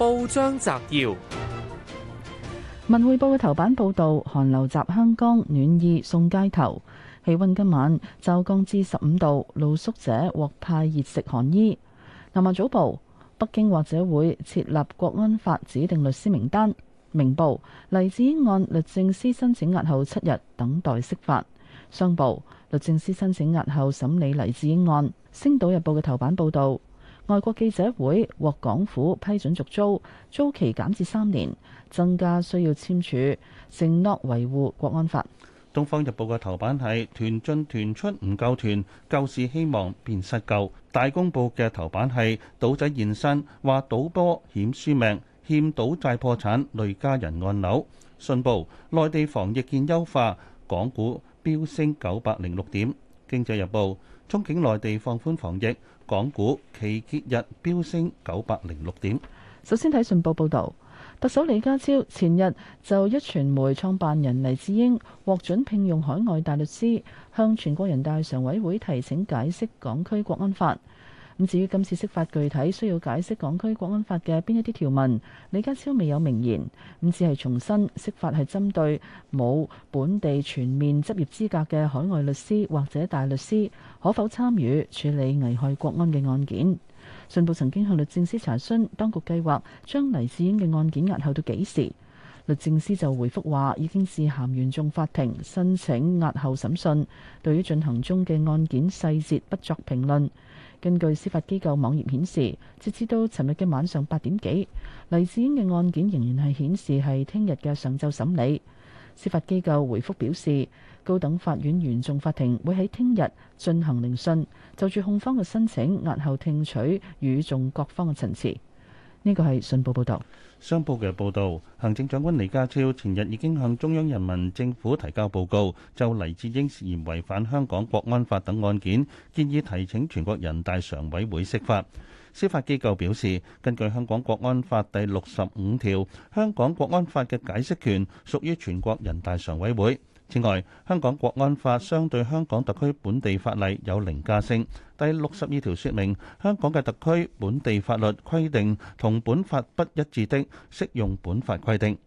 報章摘要：文匯報嘅頭版報道，寒流襲香江，暖意送街頭，氣温今晚驟降至十五度，露宿者獲派熱食、寒衣。南華早報：北京或者會設立國安法指定律師名單。明報：黎智英案律政司申請押後七日等待釋法。商報：律政司申請押後審理黎智英案。星島日報嘅頭版報道。外國記者會獲港府批准續租，租期減至三年，增加需要簽署承諾維護國安法。《東方日報》嘅頭版係團進團出唔夠團，救市希望變失救。《大公報》嘅頭版係賭仔現身，話賭波險輸命，欠賭債破產累家人按樓。信報內地防疫見優化，港股飆升九百零六點。經濟日報。憧憬內地放寬防疫，港股期結日飆升九百零六點。首先睇信報報道，特首李家超前日就壹傳媒創辦人黎智英獲准聘用海外大律師，向全國人大常委會提請解釋港區國安法。至於今次釋法具體需要解釋港區國安法嘅邊一啲條文，李家超未有明言，咁只係重申釋法係針對冇本地全面執業資格嘅海外律師或者大律師可否參與處，處理危害國安嘅案件。信報曾經向律政司查詢，當局計劃將黎智英嘅案件押後到幾時？律政司就回覆話，已經致函原訟法庭申請押後審訊，對於進行中嘅案件細節不作評論。根據司法機構網頁顯示，截至到尋日嘅晚上八點幾，黎智英嘅案件仍然係顯示係聽日嘅上晝審理。司法機構回覆表示，高等法院原訟法庭會喺聽日進行聆訊，就住控方嘅申請押後聽取與眾各方嘅陳詞。呢個係信報報導，商報嘅報導。行政長官李家超前日已經向中央人民政府提交報告，就黎智英涉嫌違反香港國安法等案件，建議提請全國人大常委會釋法。司法機構表示，根據香港國安法第六十五條，香港國安法嘅解釋權屬於全國人大常委會。此外，香港國安法相對香港特區本地法例有凌駕性。第六十二條説明，香港嘅特區本地法律規定同本法不一致的，適用本法規定。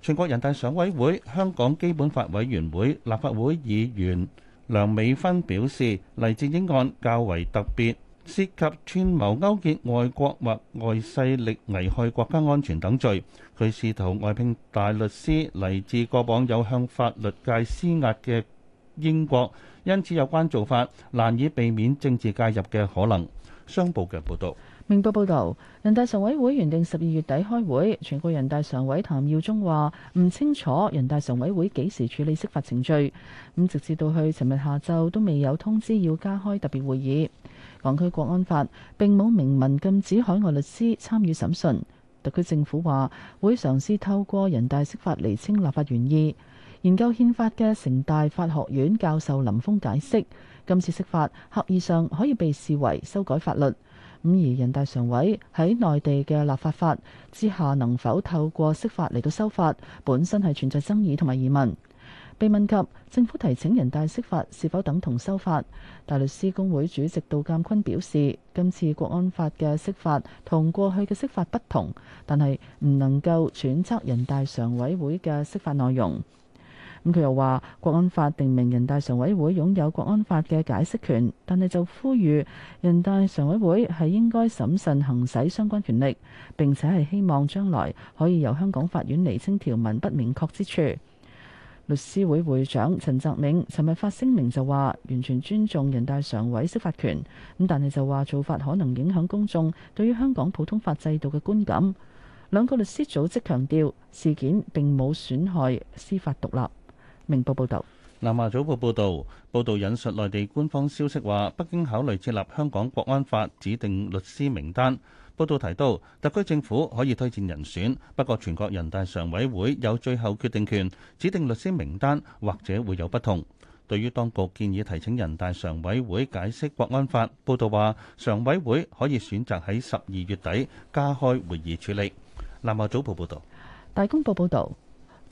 全國人大常委會、香港基本法委員會、立法會議員梁美芬表示，黎智英案較為特別，涉及串謀勾結外國或外勢力危害國家安全等罪。佢試圖外聘大律師，嚟自個往有向法律界施壓嘅英國，因此有關做法難以避免政治介入嘅可能。商報嘅報導。明報報導，人大常委會原定十二月底開會，全國人大常委譚耀宗話唔清楚人大常委會幾時處理釋法程序，咁直至到去尋日下晝都未有通知要加開特別會議。港區國安法並冇明文禁止海外律師參與審訊。特區政府話會嘗試透過人大釋法釐清立法原意。研究憲法嘅城大法學院教授林峰解釋，今次釋法刻意上可以被視為修改法律。咁而人大常委喺內地嘅立法法之下能否透過釋法嚟到修法，本身係存在爭議同埋疑問。被問及政府提請人大釋法是否等同修法，大律師公會主席杜鑑坤表示，今次國安法嘅釋法同過去嘅釋法不同，但係唔能夠揣測人大常委會嘅釋法內容。咁、嗯、佢又話，國安法定明人大常委會擁有國安法嘅解釋權，但係就呼籲人大常委會係應該審慎行使相關權力，並且係希望將來可以由香港法院釐清條文不明確之處。律師會會長陳澤銘尋日發聲明就話，完全尊重人大常委釋法權，咁但係就話做法可能影響公眾對於香港普通法制度嘅觀感。兩個律師組織強調，事件並冇損害司法獨立。明報報道。南華早報報導，報導引述內地官方消息話，北京考慮設立香港國安法指定律師名單。報導提到，特區政府可以推薦人選，不過全國人大常委會有最後決定權，指定律師名單或者會有不同。對於當局建議提請人大常委會解釋國安法，報導話，常委會可以選擇喺十二月底加開會議處理。南華早報報導。大公報報導。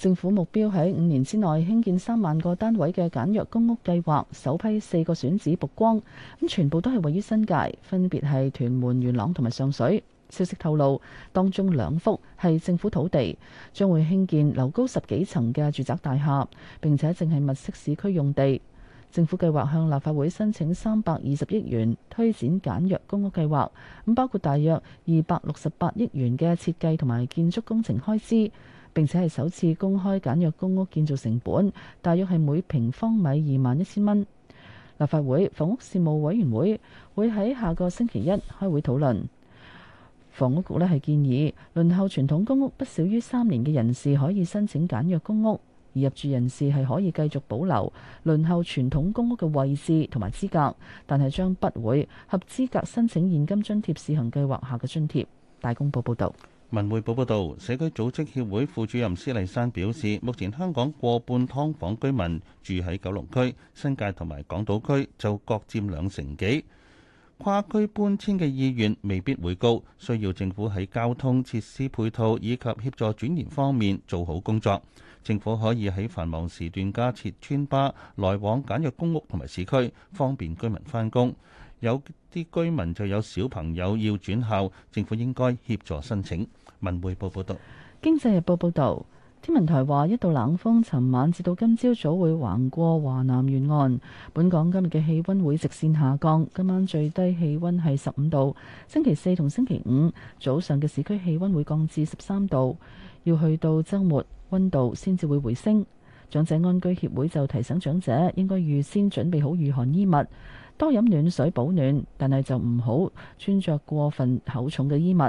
政府目標喺五年之內興建三萬個單位嘅簡約公屋計劃，首批四個選址曝光，咁全部都係位於新界，分別係屯門、元朗同埋上水。消息透露，當中兩幅係政府土地，將會興建樓高十幾層嘅住宅大廈，並且淨係物色市區用地。政府計劃向立法會申請三百二十億元推展簡約公屋計劃，咁包括大約二百六十八億元嘅設計同埋建築工程開支。並且係首次公開簡約公屋建造成本，大約係每平方米二萬一千蚊。立法會房屋事務委員會會喺下個星期一開會討論。房屋局呢係建議，輪候傳統公屋不少於三年嘅人士可以申請簡約公屋，而入住人士係可以繼續保留輪候傳統公屋嘅位置同埋資格，但係將不會合資格申請現金津貼試行計劃下嘅津貼。大公報報道。文匯報報導，社區組織協會副主任施麗珊表示，目前香港過半劏房居民住喺九龍區、新界同埋港島區，就各佔兩成幾。跨區搬遷嘅意願未必會高，需要政府喺交通設施配套以及協助轉移方面做好工作。政府可以喺繁忙時段加設村巴來往簡約公屋同埋市區，方便居民返工。有啲居民就有小朋友要轉校，政府應該協助申請。文匯報報道，經濟日報報道，天文台話，一道冷鋒尋晚至到今朝早，早會橫過華南沿岸，本港今日嘅氣溫會直線下降，今晚最低氣溫係十五度，星期四同星期五早上嘅市區氣溫會降至十三度，要去到周末溫度先至會回升。長者安居協會就提醒長者應該預先準備好御寒衣物，多飲暖水保暖，但係就唔好穿着過分厚重嘅衣物。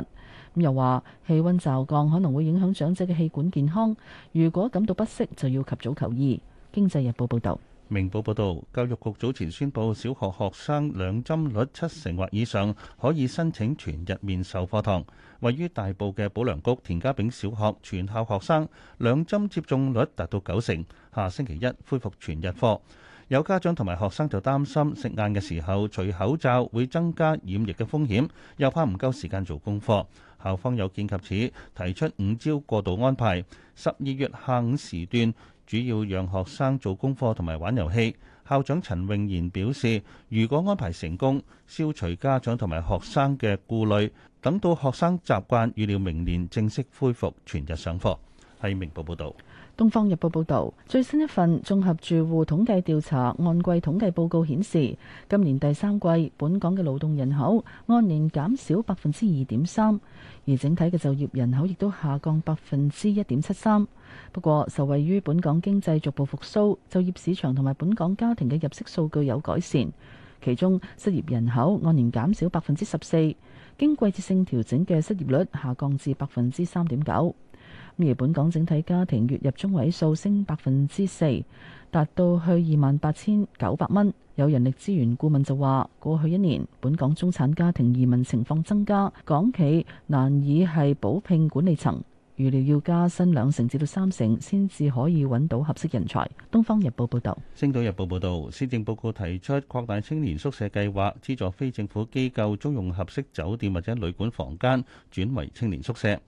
又話氣温驟降，降，可能會影響長者嘅氣管健康。如果感到不適，就要及早求醫。經濟日報報道，明報報道，教育局早前宣布，小學學生兩針率七成或以上可以申請全日面授課堂。位於大埔嘅保良局田家炳小學全校學生兩針接種率達到九成，下星期一恢復全日課。有家長同埋學生就擔心食晏嘅時候，除口罩會增加染疫嘅風險，又怕唔夠時間做功課。校方有見及此，提出五招過渡安排。十二月下午時段，主要讓學生做功課同埋玩遊戲。校長陳泳賢表示，如果安排成功，消除家長同埋學生嘅顧慮，等到學生習慣，預料明年正式恢復全日上課。喺《明報》報道。《東方日報》報導，最新一份綜合住戶統計調查按季統計報告顯示，今年第三季本港嘅勞動人口按年減少百分之二點三，而整體嘅就業人口亦都下降百分之一點七三。不過，受惠於本港經濟逐步復甦，就業市場同埋本港家庭嘅入息數據有改善，其中失業人口按年減少百分之十四，經季節性調整嘅失業率下降至百分之三點九。而本港整體家庭月入中位數升百分之四，達到去二萬八千九百蚊。有人力資源顧問就話：過去一年，本港中產家庭移民情況增加，港企難以係補聘管理層，預料要加薪兩成至到三成先至可以揾到合適人才。《東方日報》報道：《星島日報》報道，施政報告提出擴大青年宿舍計劃，資助非政府機構租用合適酒店或者旅館房間轉為青年宿舍。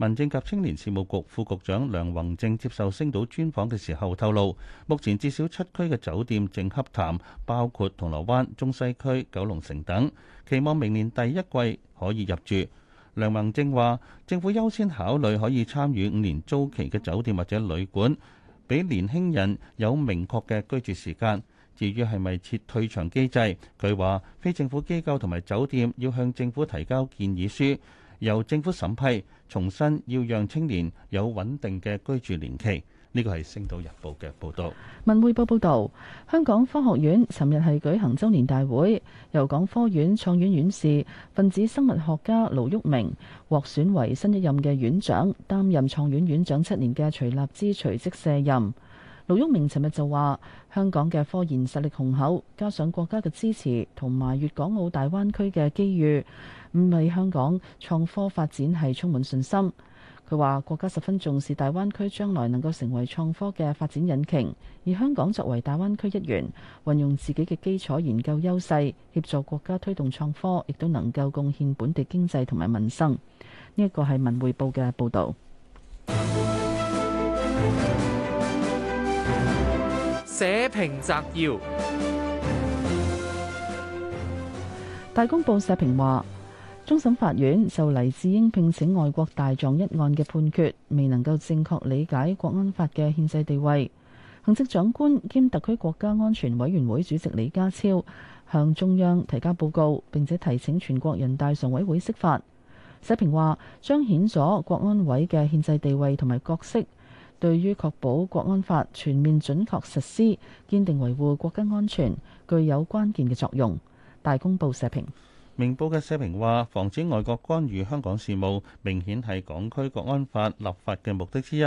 民政及青年事務局副局長梁宏正接受星島專訪嘅時候透露，目前至少七區嘅酒店正洽談，包括銅鑼灣、中西區、九龍城等，期望明年第一季可以入住。梁宏正話，政府優先考慮可以參與五年租期嘅酒店或者旅館，俾年輕人有明確嘅居住時間。至於係咪設退場機制，佢話非政府機構同埋酒店要向政府提交建議書。由政府審批，重新要讓青年有穩定嘅居住年期，呢個係星島日報嘅報道。文匯報報道，香港科學院尋日係舉行周年大會，由港科院創院院士分子生物學家盧煜明獲選為新一任嘅院長，擔任創院院長七年嘅徐立之隨即卸任。盧煜明尋日就話：香港嘅科研實力雄厚，厚，加上國家嘅支持同埋粵港澳大灣區嘅機遇，唔係香港創科發展係充滿信心。佢話國家十分重視大灣區將來能夠成為創科嘅發展引擎，而香港作為大灣區一員，運用自己嘅基礎研究優勢，協助國家推動創科，亦都能夠貢獻本地經濟同埋民生。呢、這、一個係文匯報嘅報導。 社評摘要：大公報社評話，終審法院就黎智英聘請外國大狀一案嘅判決，未能夠正確理解國安法嘅憲制地位。行政長官兼特區國家安全委員會主席李家超向中央提交報告，並且提請全國人大常委會釋法。社評話，彰顯咗國安委嘅憲制地位同埋角色。對於確保《國安法》全面準確實施，堅定維護國家安全，具有關鍵嘅作用。大公報社評。明報嘅社評話：防止外國干預香港事務，明顯係港區國安法立法嘅目的之一。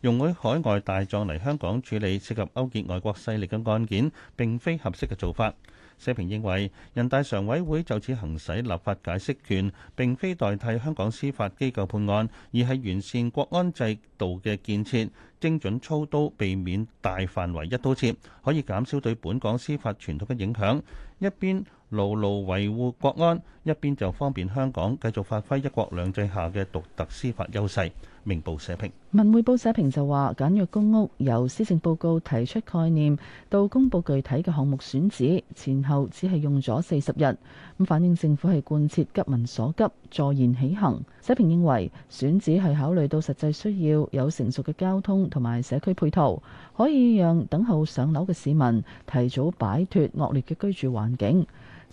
容許海外大狀嚟香港處理涉及勾結外國勢力嘅案件，並非合適嘅做法。社評認為，人大常委會就此行使立法解釋權，並非代替香港司法機構判案，而係完善國安制度嘅建設，精準操刀，避免大範圍一刀切，可以減少對本港司法傳統嘅影響。一邊，牢牢維護國安，一邊就方便香港繼續發揮一國兩制下嘅獨特司法優勢。明報社評。文匯報社評就話：簡約公屋由施政報告提出概念，到公佈具體嘅項目選址，前後只係用咗四十日，咁反映政府係貫徹急民所急，坐言起行。社評認為選址係考慮到實際需要，有成熟嘅交通同埋社區配套，可以讓等候上樓嘅市民提早擺脱惡劣嘅居住環境。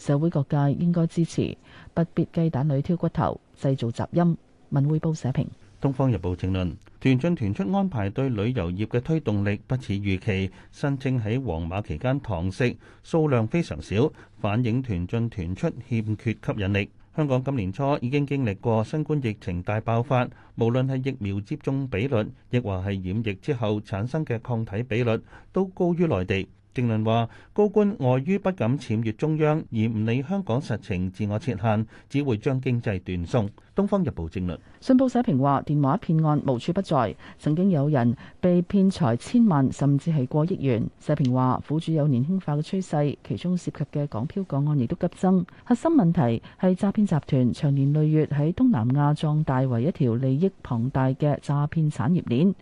社會各界應該支持，不必雞蛋裏挑骨頭，製造雜音。文匯報社評。《東方日報》評論：團進團出安排對旅遊業嘅推動力不似預期。申請喺黃碼期間堂食數量非常少，反映團進團出欠缺吸引力。香港今年初已經經歷過新冠疫情大爆發，無論係疫苗接種比率，亦或係染疫之後產生嘅抗體比率，都高於內地。政論話高官礙於不敢僭越中央，而唔理香港實情，自我設限，只會將經濟斷送。《東方日報》政論。信報社評話電話騙案無處不在，曾經有人被騙財千萬甚至係過億元。社評話苦主有年輕化嘅趨勢，其中涉及嘅港漂港案亦都急增。核心問題係詐騙集團長年累月喺東南亞壯大為一條利益龐大嘅詐騙產業鏈。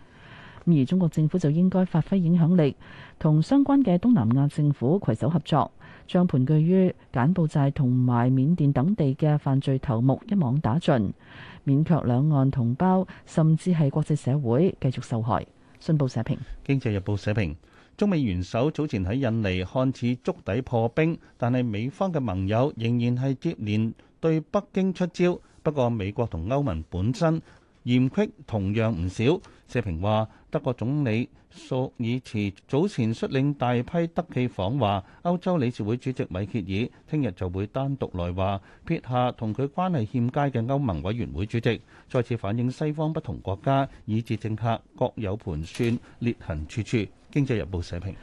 而中國政府就應該發揮影響力，同相關嘅東南亞政府攜手合作，將盤踞於柬埔寨同埋緬甸等地嘅犯罪頭目一網打盡，免卻兩岸同胞甚至係國際社會繼續受害。信報社評，《經濟日報》社評：中美元首早前喺印尼看似觸底破冰，但係美方嘅盟友仍然係接連對北京出招。不過美國同歐盟本身嫌隙同樣唔少，社評話德國總理朔爾茨早前率領大批德企訪華，歐洲理事會主席米歇爾聽日就會單獨來華撇下同佢關係欠佳嘅歐盟委員會主席，再次反映西方不同國家以至政客各有盤算，裂痕處處。經濟日報社評。